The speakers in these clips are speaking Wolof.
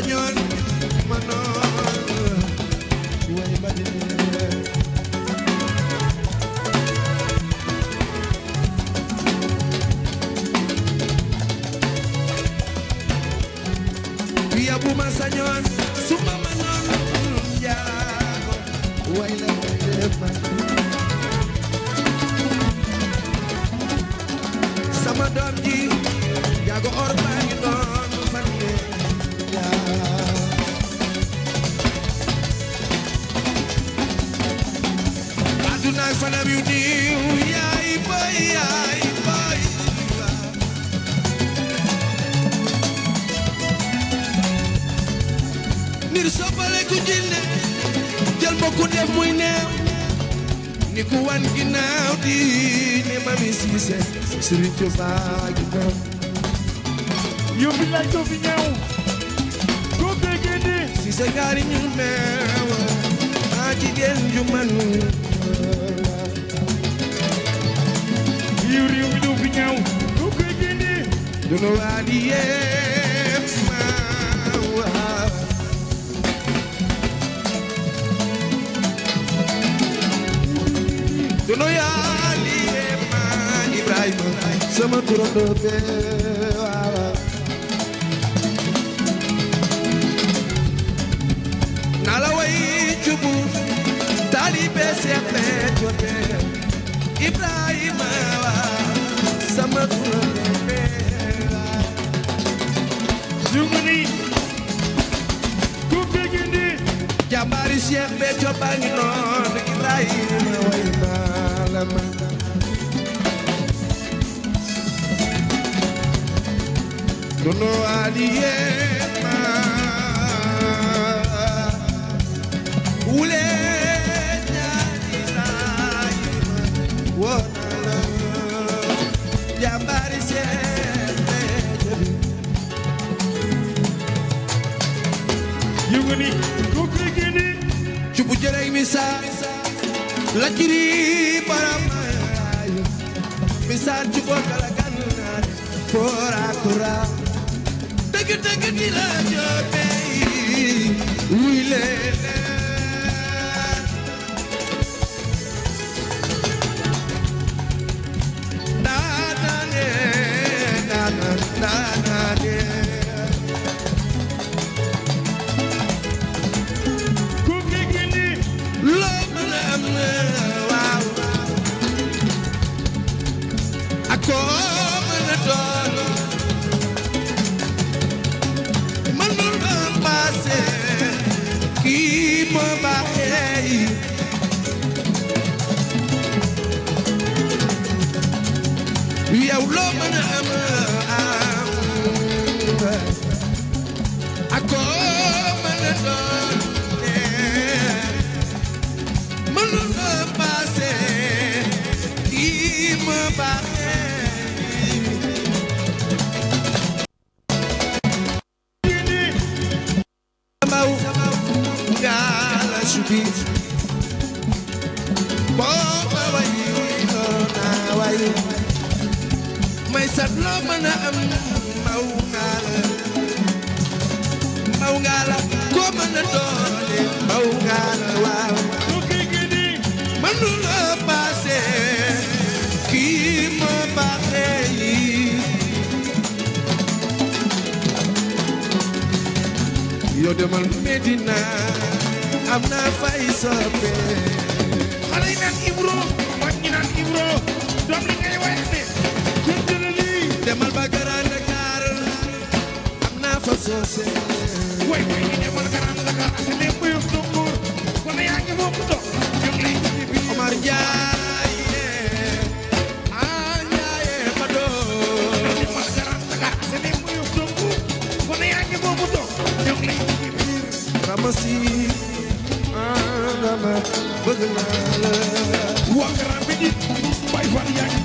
sañoon manoon way ba dee wiya bu ma sañoon su ma manoon yaago way la way dee ba sama doom ji yaago or fanam yu niiw yaay bay yaay bay nir soppale ku jinne jël mbokku def muy neew ni ku wan ginnaaw di ne mami siise sëriñ Tuubaa gi neew yow bi lay doo fi ñëw doo déggee ni siise gaari ñu Dundu aliye mawa Dundu aliye ma Ibrahima sama turando be wawa Nala way jubu talibe sepe li Cheikh Béthio baa ngi noonu Ibrahima way naa la man dunoo aliyee la kiri paramaayo mi sarci bokkala gannaare foora kura dëgg dëgg di la joobey wuy leele daanaane daanaane baaxee yow loo mën a am demal ba Grand Dakar am naa fa soose way way ñu demal Grand Dakar si lépp yu dungur wala yaa ngi moom dox ñoom lay ci bi Omar Ndiaye ah ma doon demal Grand Dakar si lépp yu dungur wala bay far yaa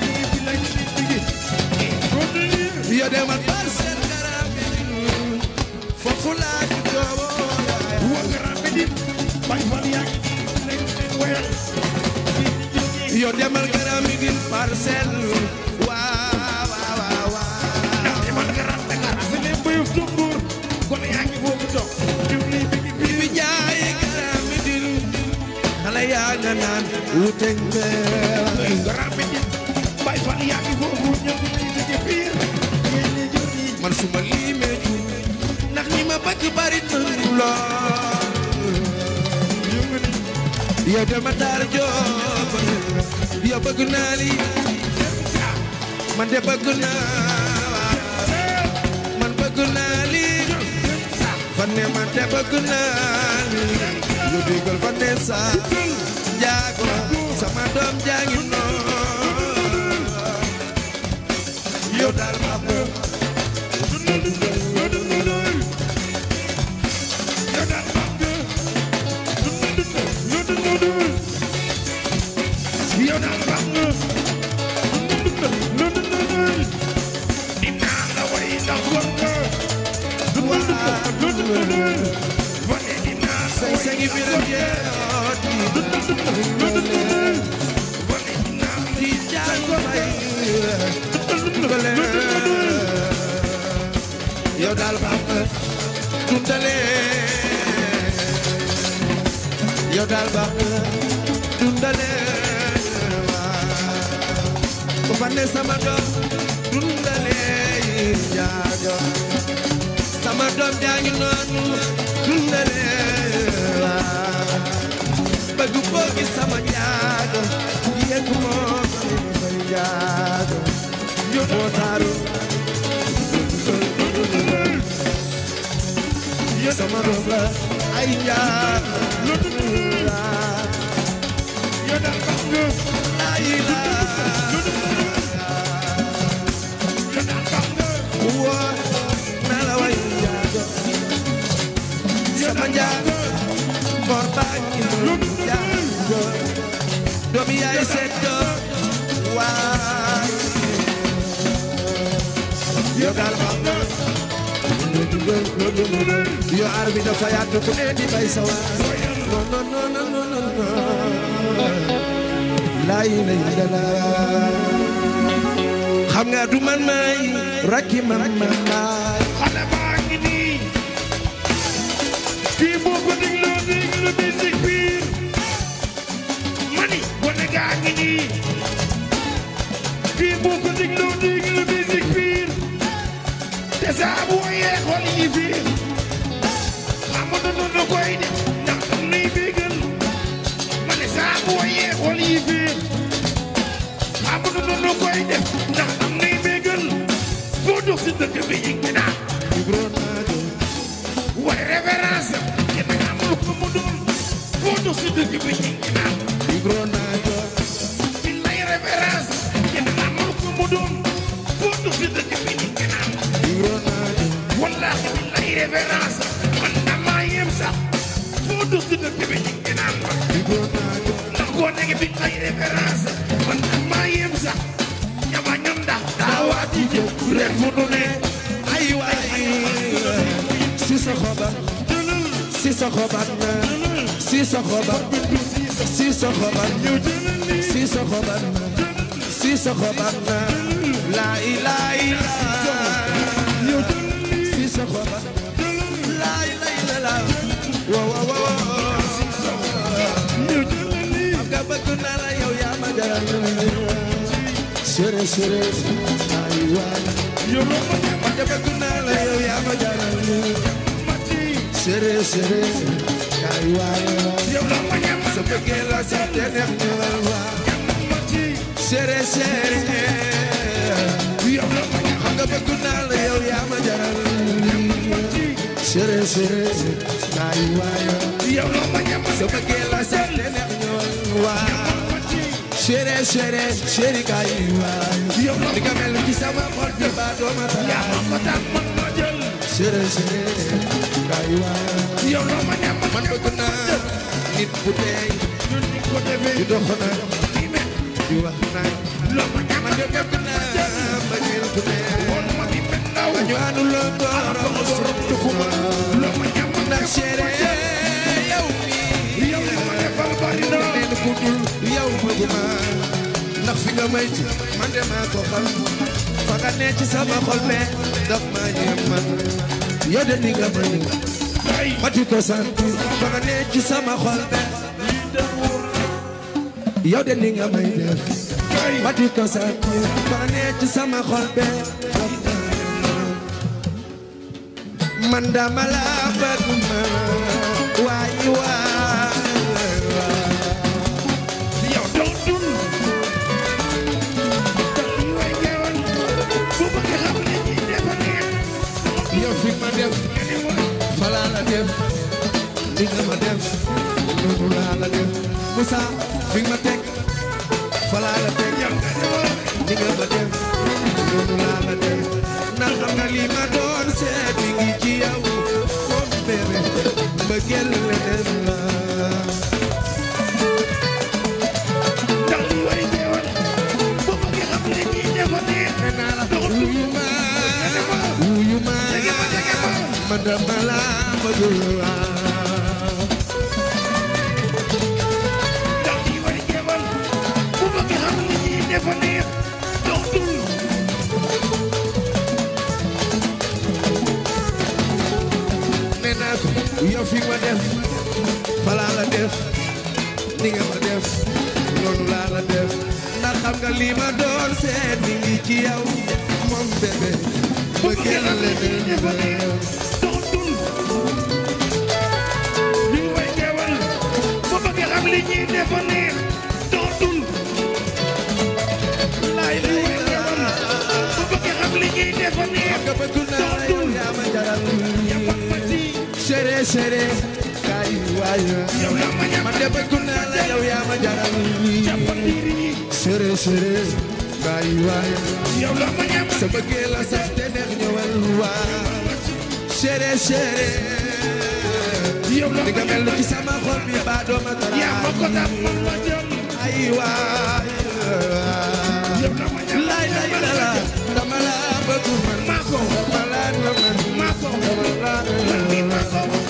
yo demal bar seen garabin foofu laa ci doobo wa garabin bay wal yaa ngi leen wéyal yo demal garabin parcelle waaw waaw waaw demal garabin parcelle bayu tumbur gone yaa ngi foofu toog jubli bi bi jaay garabin xale yaa nga naan wuteeg garabin bay wal yaa ngi foofu man su ma limee juum ndax ñi ma bëgg bari nañu lool yow dama taar joob yow bëgg naa li li fan ne li yow déggal fan ne saa sama doom jaa ngi noonu yow daal ma bëgg sama doom dundale jaago sama doom jaa ngi noonu na leela bëgg boo gis sama jaaga yéeg moo koy bay jaaga moo taaru yo sama doom la ay jaaga yo dal ko ay laa yo dal ko Njaay for back in the yard doomi yaay seet doom waay yo gaal ma yo ar bi dafa yaatu ku ne di bay sa waay non non non non non laa ilaaha xam nga du man may rakki man man déglu déglu musique pure mani gone gaa ngi nii kii boo ko déglu déglu musique pure te saa bu wayee xol yi fiir amut nu nu koy def ndax nu nuy bégal ma ne saa bu wayee xol yi fiir amut nu nu koy def ndax nu nuy bégal boo dox si dëkk bi yëg dinaa jox si dëkk bi micro naa jox bi lay référence kenn amul ko mu doon foo jox si dëkk bi bi lay référence man damaa yem sax bi naan ma micro naa jox ndax koo nekk bi lay référence man damaa yem sax ñama ñam ndax daawaati jëf ren fu ne ay si sa xobat si sa xobat na si soxoban si soxoban si soxoban si soxoban la ilaha illallah si soxoban la ilaha illallah wa wa wa am nga bëgg naa la yow yaa ma jaral sere sere ay waay yow ma bëgg naa la yow yaa ma jaral sere sere yow la na waay sere sere yow la yow yaa ma ñam sa bëggee la la nga mel ci sama sere sere kaay waay yow la ma ñam man bëgg naa nit bu teey ñun ñu ko defee di dox na di wax na la ma ñam man bëgg naa bañeel bu neex woon ma bi mel ndaw ñu àndu la borom borom tukkuma la ma ñam man ndax seere yow mi yow la ma defal bari na neen ku dul yow bëgg naa ndax fi nga may ci man de maa ko xam fa nga ne ci sama xol me daf ma ñam man yow de ni nga ma ma juddoo sant ci sama xol be yow de ni nga may def ma juddoo sant ba ci sama xol be man dama la bëgg ma fi ma teg falaa la teg ni nga ma def noonu laa la def na xam nga li ma doon seet mi ngi ci yow moom bébé mbëggeel leneen la wuyu ma wuyu ma ma dama laa bëgg yof yi ma def falaa la def ni nga ma def noonu laa la def ndax xam nga li ma doon seet mi ngi ci yow moom bébé ba kenn leneen ba yow doxatul ñu way teewal ba bëgg xam li ñuy defa sere kaay waaye yow yaa ma ñam man de bëgg naa la yow yaa ma jaral sere sere kaay waaye yow la ma ñam sa bëggee la sax te neex ñëwal waa sere sere yow la nga mel ci sama xol bi ba doo ma dara yaa ma ko tam man ma jëm ay waay lay lay la la dama la bëgg man maa ko dama la dama maa ko dama la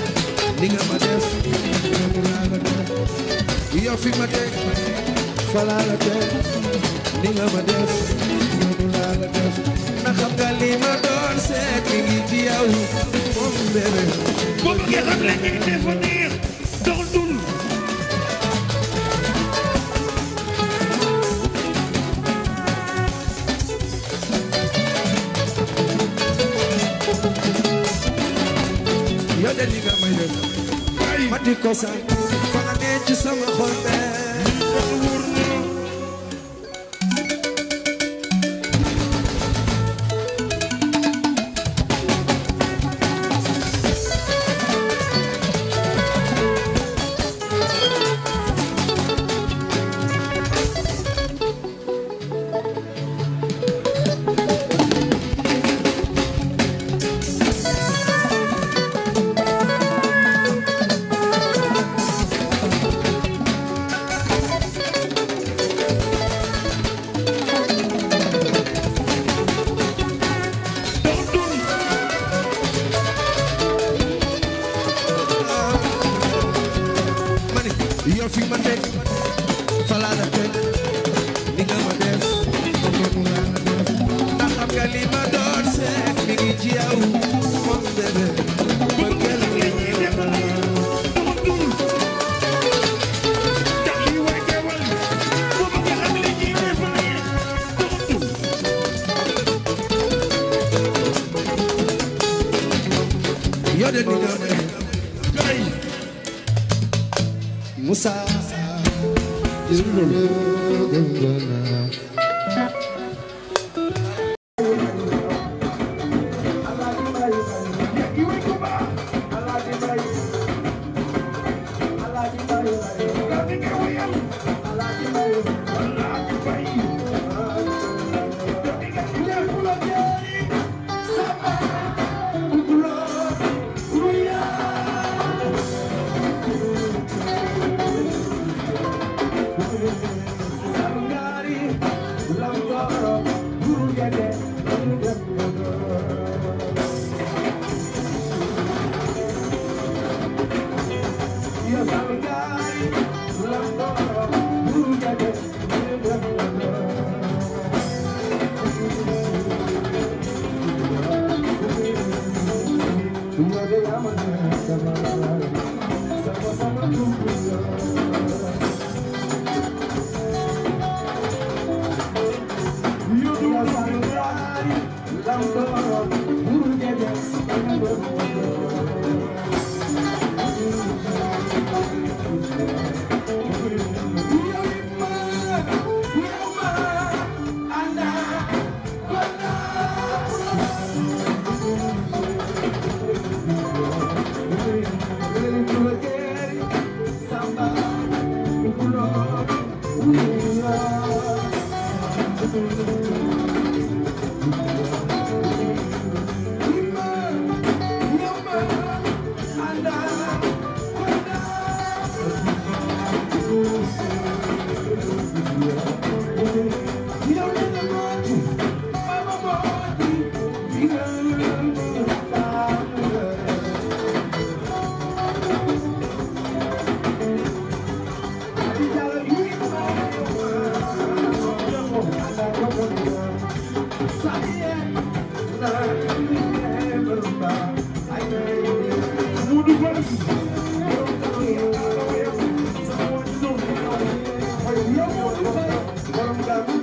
li nga ma def yow fi ma teg fala la teg li nga ma def yow laa la def na xam nga li ma doon seet li ci yow moom bébé bu bëggee xam la ñuy def neex di ko sant fa nga denc sama xol bee give it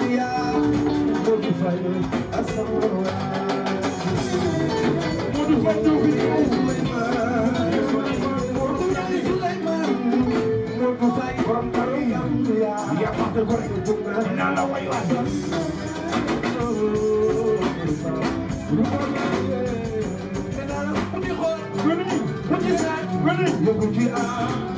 Look what you are.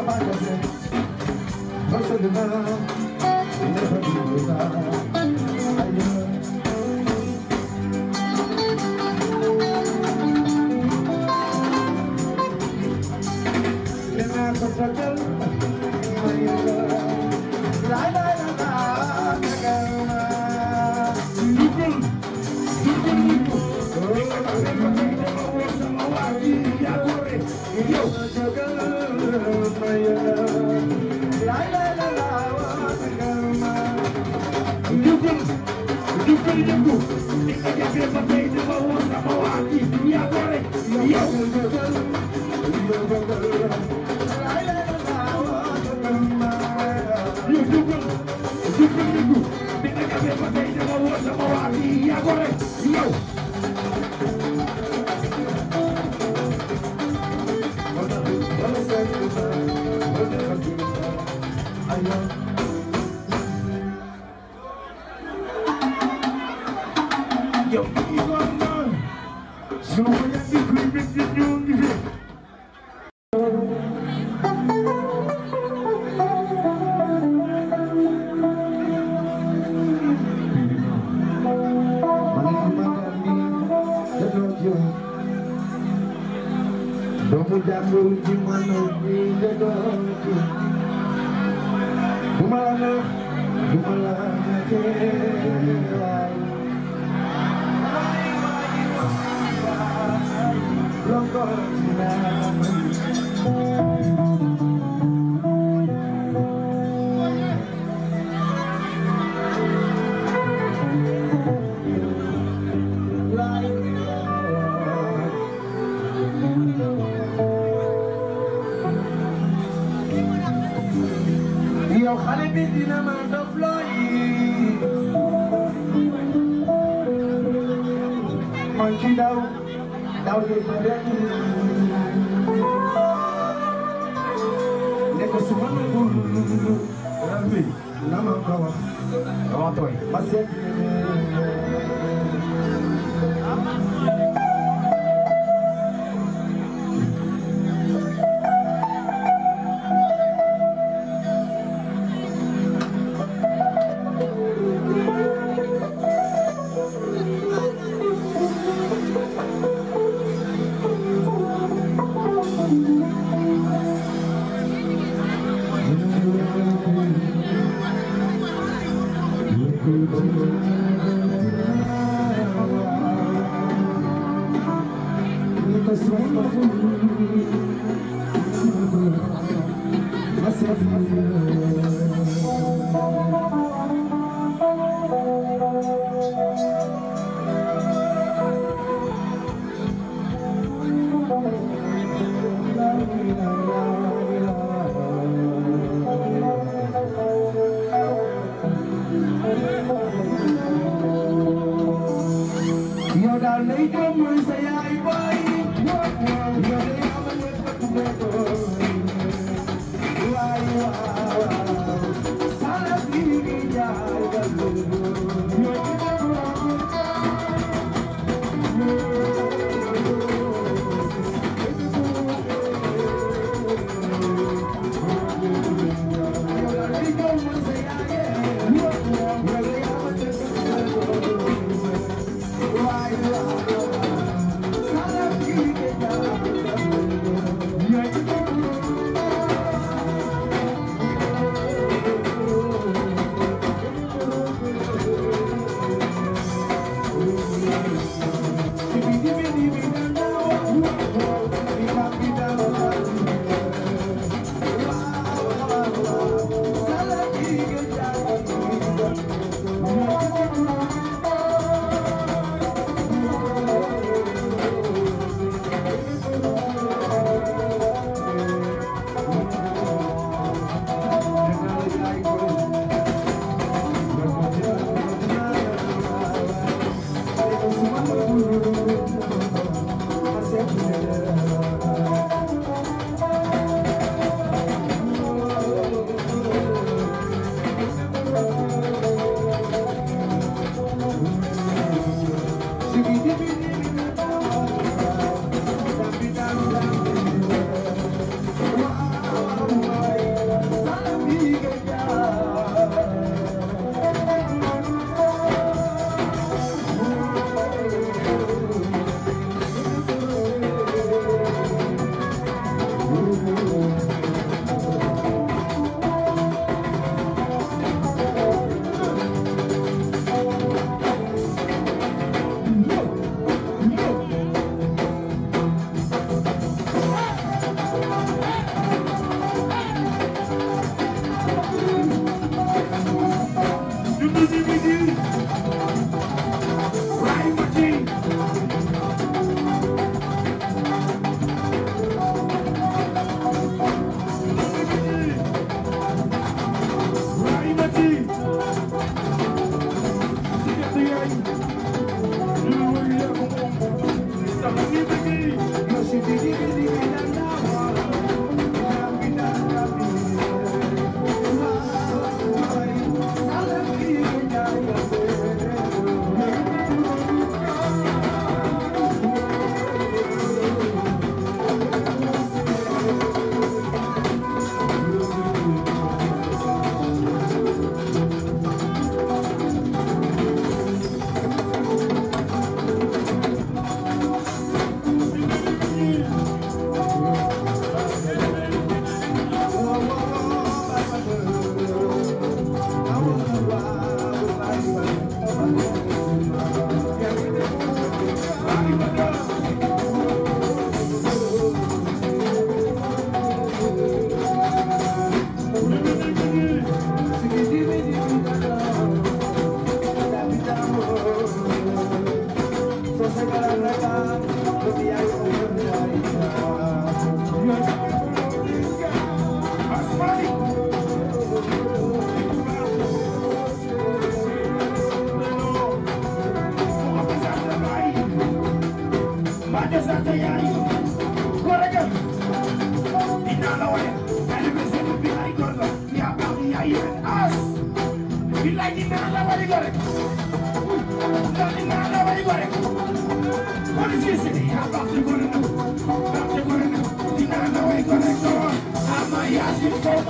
amagasé dans ce demain il n'est pas plus départ ailleurs demain contre quel ailleurs la la la Yo! tem tempo Essa minha mesa tem de valor na mão aqui E agora é eu E o Ducão, o Ducão Nico Tem na cabeça tem de valor na mão aqui E agora é eu So when you think we mooy kii daaw daaw yooyu ba rek ne na ma ko wax dama tooy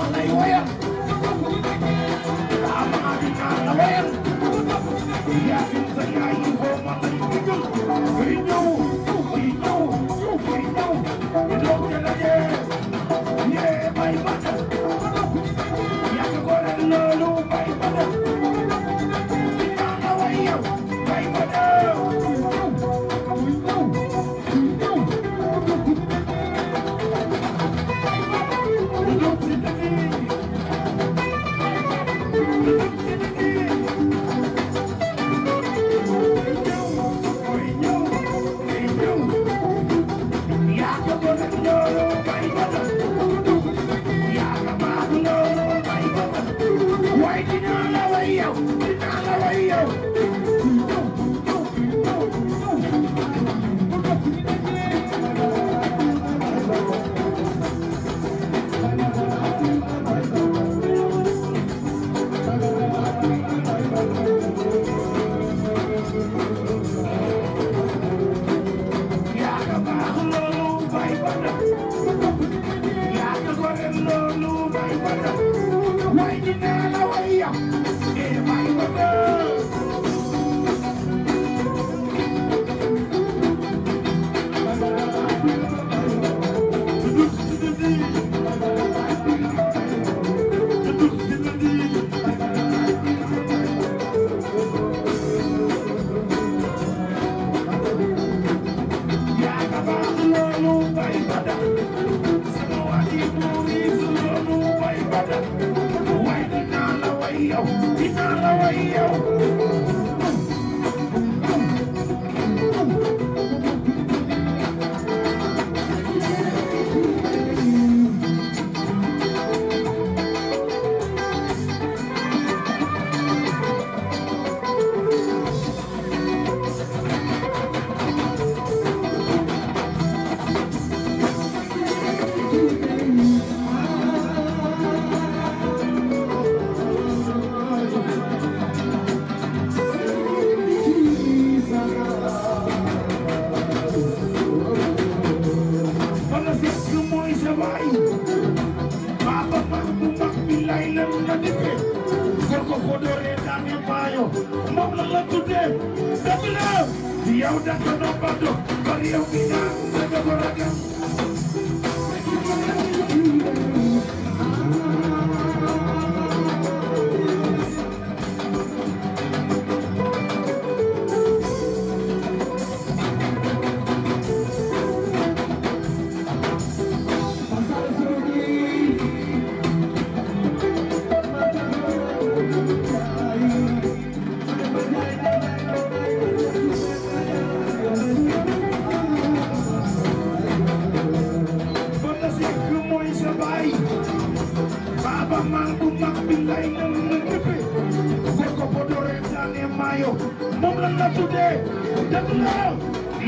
lay woyal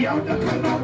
yow dëkk